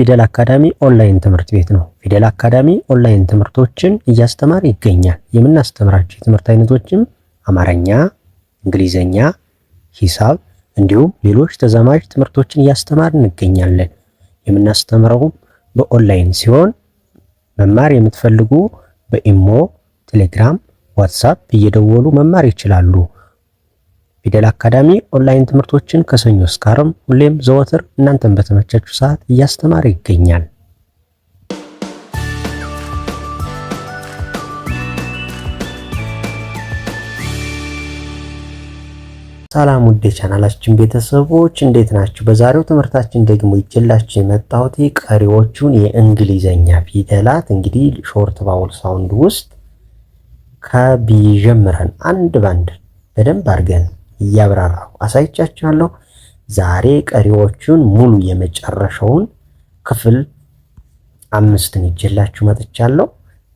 ፊደል አካዳሚ ኦንላይን ትምህርት ቤት ነው። ፊደል አካዳሚ ኦንላይን ትምህርቶችን እያስተማር ይገኛል። የምናስተምራቸው የትምህርት አይነቶችም አማርኛ፣ እንግሊዘኛ፣ ሂሳብ እንዲሁም ሌሎች ተዛማጅ ትምህርቶችን እያስተማር እንገኛለን። የምናስተምረውም በኦንላይን ሲሆን መማር የምትፈልጉ በኢሞ፣ ቴሌግራም፣ ዋትሳፕ እየደወሉ መማር ይችላሉ። ፊደል አካዳሚ ኦንላይን ትምህርቶችን ከሰኞ እስከ ዓርብ ሁሌም ዘወትር እናንተን በተመቻችሁ ሰዓት እያስተማረ ይገኛል። ሰላም ውድ የቻናላችን ቤተሰቦች እንዴት ናችሁ? በዛሬው ትምህርታችን ደግሞ ይችላችሁ የመጣሁት ቀሪዎቹን የእንግሊዘኛ ፊደላት እንግዲህ ሾርት ባውል ሳውንድ ውስጥ ከቢ ጀምረን አንድ ባንድ በደንብ አድርገን እያብራራሁ አሳይቻችኋለሁ። ዛሬ ቀሪዎቹን ሙሉ የመጨረሻውን ክፍል አምስትን ይዤላችሁ መጥቻለሁ።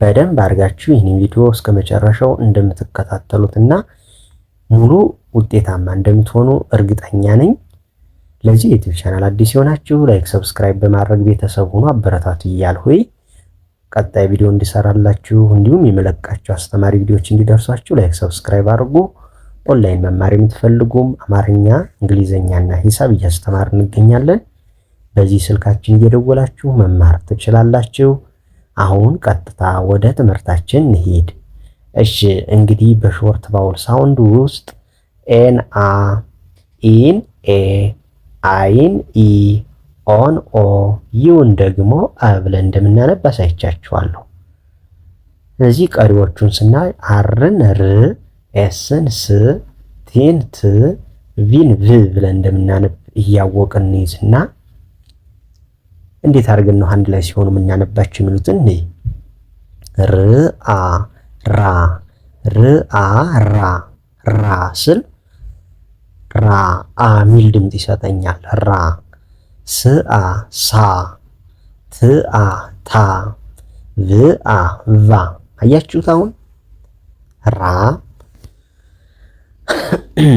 በደንብ አድርጋችሁ ይህን ቪዲዮ እስከ መጨረሻው እንደምትከታተሉትና ሙሉ ውጤታማ እንደምትሆኑ እርግጠኛ ነኝ። ለዚህ ዩቲዩብ ቻናል አዲስ የሆናችሁ ላይክ፣ ሰብስክራይብ በማድረግ ቤተሰብ ሆኖ አበረታቱ እያልሁኝ ቀጣይ ቪዲዮ እንዲሰራላችሁ እንዲሁም የመለቃችሁ አስተማሪ ቪዲዮዎች እንዲደርሷችሁ ላይክ፣ ሰብስክራይብ አድርጉ። ኦንላይን መማር የምትፈልጉም አማርኛ፣ እንግሊዝኛና ሂሳብ እያስተማር እንገኛለን። በዚህ ስልካችን እየደወላችሁ መማር ትችላላችሁ። አሁን ቀጥታ ወደ ትምህርታችን እንሂድ። እሺ እንግዲህ በሾርት ባውል ሳውንድ ውስጥ ኤን አ፣ ኢን ኤ፣ አይን ኢ፣ ኦን ኦ፣ ይውን ደግሞ አ ብለን እንደምናነብ አሳይቻችኋለሁ። እዚህ ቀሪዎቹን ስናይ አርን ር ኤስን ስ ቲን ት ቪን ቭ ብለን እንደምናነብ እያወቅን እንይዝና እንዴት አድርገን ነው አንድ ላይ ሲሆኑ የምናነባቸው የሚሉትን ር አ ራ አ ራ ራ ስል ራ አ ሚል ድምፅ ይሰጠኛል። ራ አ ሳ አ ታ ብአ ቫ አያችሁት አሁን ራ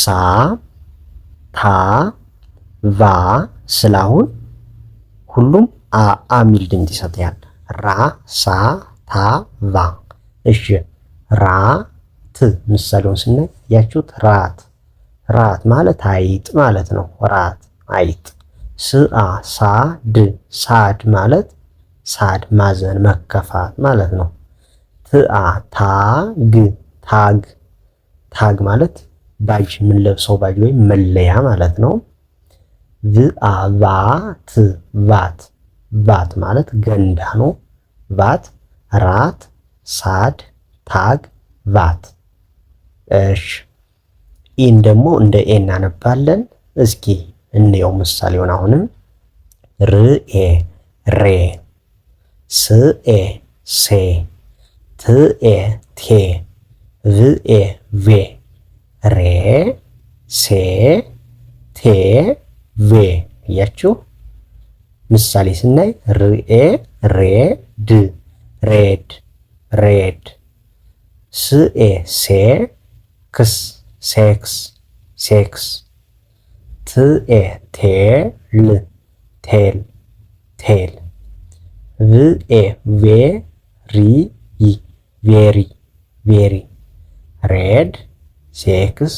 ሳ ታ ቫ ስላሁን ሁሉም አ ሚል ድምፅ ይሰጥያል። ራ ሳ ታ ቫ። እሺ ራ ት ምሳሌውን ስናይ ያችሁት ራት ራት ማለት አይጥ ማለት ነው። ራት አይጥ። ስአ ሳ ድ ሳድ ማለት ሳድ ማዘን መከፋት ማለት ነው። ትአ ታግ ታግ ታግ ማለት ባጅ የምንለብሰው ባጅ ወይም መለያ ማለት ነው። ቫት ቫት ቫት ማለት ገንዳ ነው። ቫት ራት ሳድ ታግ ቫት። እሺ ኢን ደግሞ እንደ ኤ እናነባለን። እስኪ እንየው ምሳሌውን አሁንም ርኤ ሬ ስኤ ሴ ትኤ ቴ ቭኤ ቬ ሬ ሴ ቴ ቬ እያችሁ ምሳሌ ስናይ ርኤ ሬ ድ ሬድ ሬድ ስኤ ሴ ክስ ሴክስ ሴክስ ትኤ ቴ ል ቴል ቴል ቪኤ ቬሪ ቬሪ ቬሪ ሬድ ሴክስ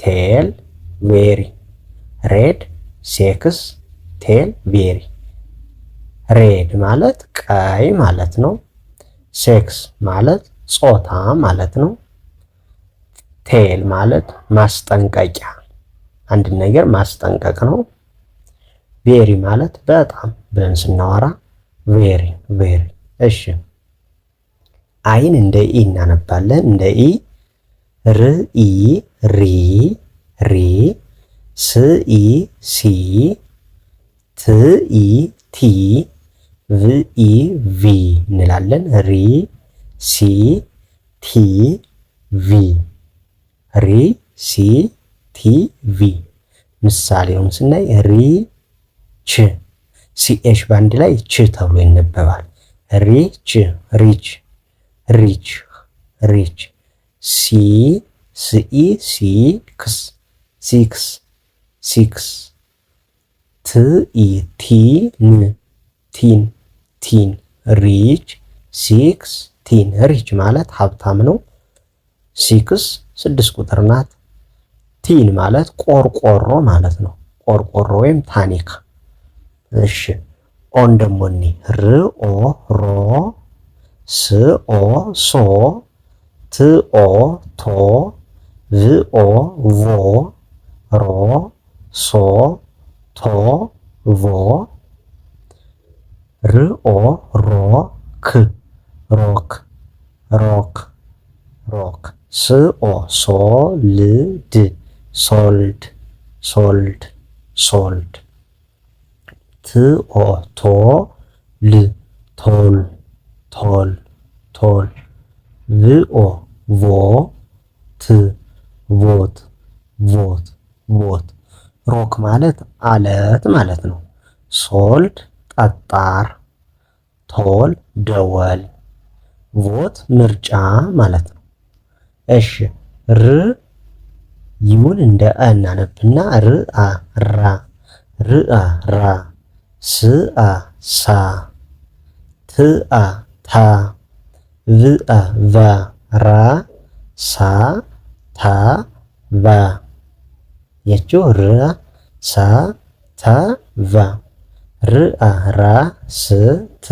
ቴል ቬሪ ሬድ ሴክስ ቴል ቬሪ። ሬድ ማለት ቀይ ማለት ነው። ሴክስ ማለት ጾታ ማለት ነው። ቴል ማለት ማስጠንቀቂያ፣ አንድ ነገር ማስጠንቀቅ ነው። ቬሪ ማለት በጣም ብለን ስናወራ ቬሪ ቬሪ። እሺ አይን እንደ ኢ እናነባለን እንደ ኢ ርኢ ሪ ሪ ስኢ ሲ ትኢ ቲ ቪኢ ቪ እንላለን። ሪ ሲ ቲ ቪ ሪ ሲ ቲ ቪ። ምሳሌውን ስናይ ሪ ች ሲኤች ባንድ ላይ ች ተብሎ ይነበባል። ሪች ሪች ሪች ሪች ሲ ስኢ ሲክስ ሲክስ ሲክስ ትኢ ቲን ቲን ቲን ሪች ሲክስ ቲን ሪች ማለት ሀብታም ነው። ሲክስ ስድስት ቁጥር ናት። ቲን ማለት ቆርቆሮ ማለት ነው። ቆርቆሮ ወይም ታኒካ። እሺ ኦን ደሞኒ ርኦ ሮ ስኦ ሶ ትኦ ቶ ቭኦ ቮ ሮ ሶ ቶ ቮ ርኦ ሮ ክ ሮክ ሮክ ሮክ ስኦ ሶ ል ድ ሶልድ ሶልድ ሶልድ ትኦ ቶ ል ቶል ቶል ቶል ቪኦ ቮት ቮት ቮት ቮት ሮክ ማለት አለት ማለት ነው። ሶልድ ጠጣር፣ ቶል ደወል፣ ቮት ምርጫ ማለት ነው። እሺ ር ይሁን እንደ አ እናነብና ርአ ራ ርአ ራ ስአ ሳ ትአ ታ ብአ ቫ ራ ሳ ታ ቫ ያችሁ ር ሳ ታ ቫ ርአ ራ ስ ት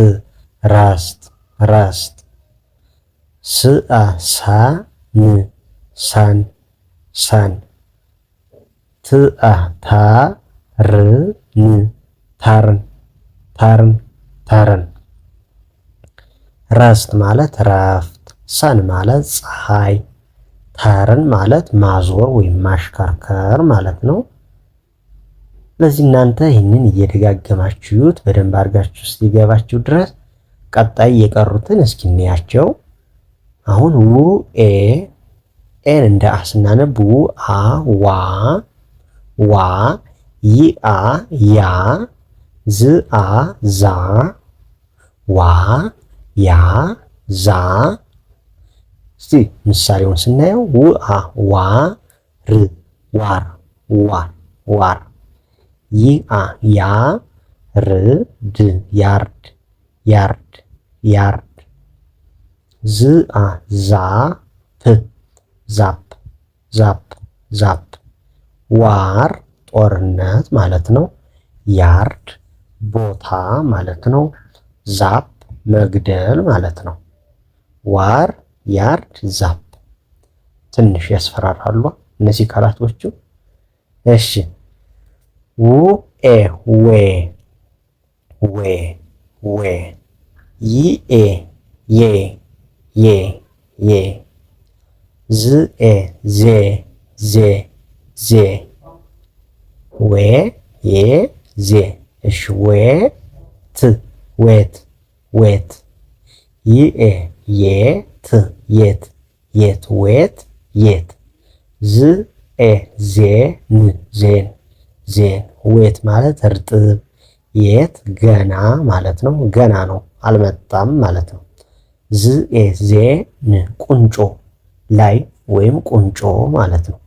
ራስት ራስት ስአ ሳ ን ሳን ሳን ትአ ታ ር ን ታርን ታርን ታርን ራስት ማለት ራፍ። ሰን ማለት ፀሐይ፣ ተርን ማለት ማዞር ወይም ማሽከርከር ማለት ነው። ስለዚህ እናንተ ይህንን እየደጋገማችሁት በደንብ አድርጋችሁ እስኪገባችሁ ድረስ ቀጣይ የቀሩትን እስኪ እንያቸው። አሁን ው ኤ ኤን እንደ አ ስናነብ ው አ ዋ ዋ ይ አ ያ ዝ አ ዛ ዋ ያ ዛ እስቲ ምሳሌውን ስናየው ውአ ዋ ር ዋር ዋር ዋር ይአ ያ ር ድ ያርድ ያርድ ያርድ ዝአ ዛ ፕ ዛፕ ዛፕ ዛፕ ዋር ጦርነት ማለት ነው። ያርድ ቦታ ማለት ነው። ዛፕ መግደል ማለት ነው። ዋር ያርድ፣ ዛፕ ትንሽ ያስፈራራሉ እነዚህ ቃላቶቹ። እሺ ውኤ ዌ ዌ ዌ ኤ ዬ ዬ ዬ ዝኤ ዜ ዜ ዜ ወ ዬ ዜ እሺ ወ ት ዌት ዌት ይኤ ዬ ት የት የት ዌት የት ዝ ኤ ዜን ዜን ዜን ዌት ማለት እርጥብ የት ገና ማለት ነው። ገና ነው አልመጣም ማለት ነው። ዝ ኤ ዜን ቁንጮ ላይ ወይም ቁንጮ ማለት ነው።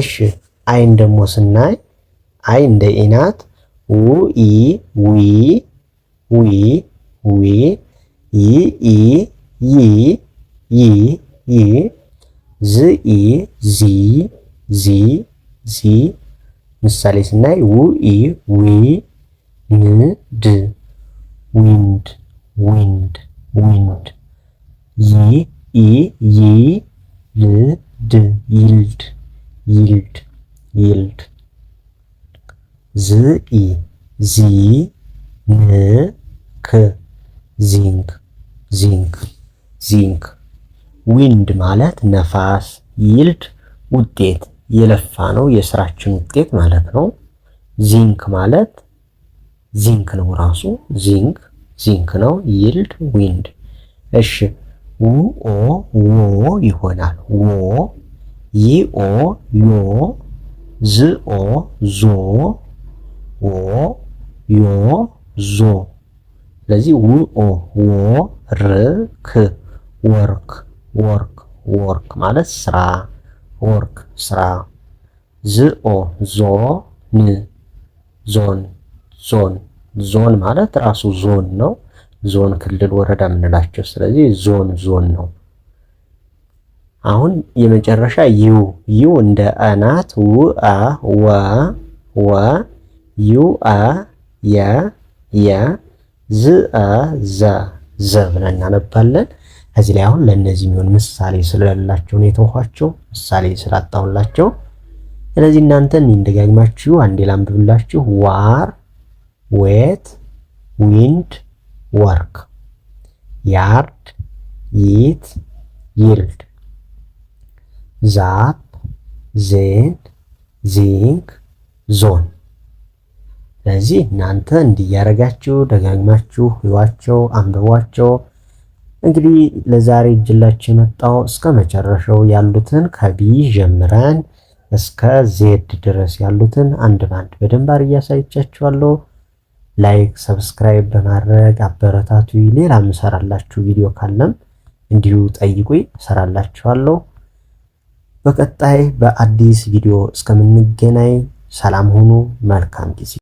እሺ አይን ደግሞ ስናይ አይ እንደ ኢናት ው ኢ ዊ ዊ ዊ ይ ኢ ይ ይ ይ ዝ ዚ ዚ ዚ ምሳሌ ስናይ ውኢ ዊ ን ድ ዊንድ ዊንድ ዊንድ ይ ኢ ይ ል ድ ይልድ ይልድ ይልድ ዝ ኢ ዚ ን ክ ዚንግ ዚንግ ዚንክ ዊንድ ማለት ነፋስ፣ ይልድ ውጤት የለፋ ነው የስራችን ውጤት ማለት ነው። ዚንክ ማለት ዚንክ ነው ራሱ ዚንክ ዚንክ ነው። ይልድ ዊንድ። እሺ ኦ ዎ ይሆናል። ዎ ይኦ ዮ ዝኦ ዞ ዎ ዮ ዞ። ስለዚህ ውኦ ዎ ርክ ወርክ ወርክ ወርክ ማለት ስራ ወርክ ስራ ዝኦ ዞ ን ዞን ዞን ዞን ማለት ራሱ ዞን ነው። ዞን ክልል፣ ወረዳ የምንላቸው ስለዚህ ዞን ዞን ነው። አሁን የመጨረሻ ዩ ዩ እንደ አናት ው አ ወ ወ ዩ አ የ የ ዝ አ ዘ ዘ ብለን እናነባለን። ከዚህ ላይ አሁን ለእነዚህ የሚሆን ምሳሌ ስለሌላቸው ነው የተውኋቸው፣ ምሳሌ ስላጣሁላቸው። ስለዚህ እናንተ እንደጋግማችሁ አንዴ ላንብብላችሁ። ዋር፣ ዌት፣ ዊንድ፣ ወርክ፣ ያርድ፣ ይት፣ ይልድ፣ ዛፕ፣ ዜን፣ ዚንክ፣ ዞን። ስለዚህ እናንተ እንዲያረጋችሁ ደጋግማችሁ ይዋቸው አንብቧቸው። እንግዲህ ለዛሬ እጅላችን የመጣው እስከ መጨረሻው ያሉትን ከቢ ጀምረን እስከ ዜድ ድረስ ያሉትን አንድ ባንድ በደንባር እያሳይቻችኋለሁ። ላይክ ሰብስክራይብ በማድረግ አበረታቱ። ሌላም ምሰራላችሁ ቪዲዮ ካለም እንዲሁ ጠይቁኝ፣ እሰራላችኋለሁ። በቀጣይ በአዲስ ቪዲዮ እስከምንገናኝ ሰላም ሁኑ። መልካም ጊዜ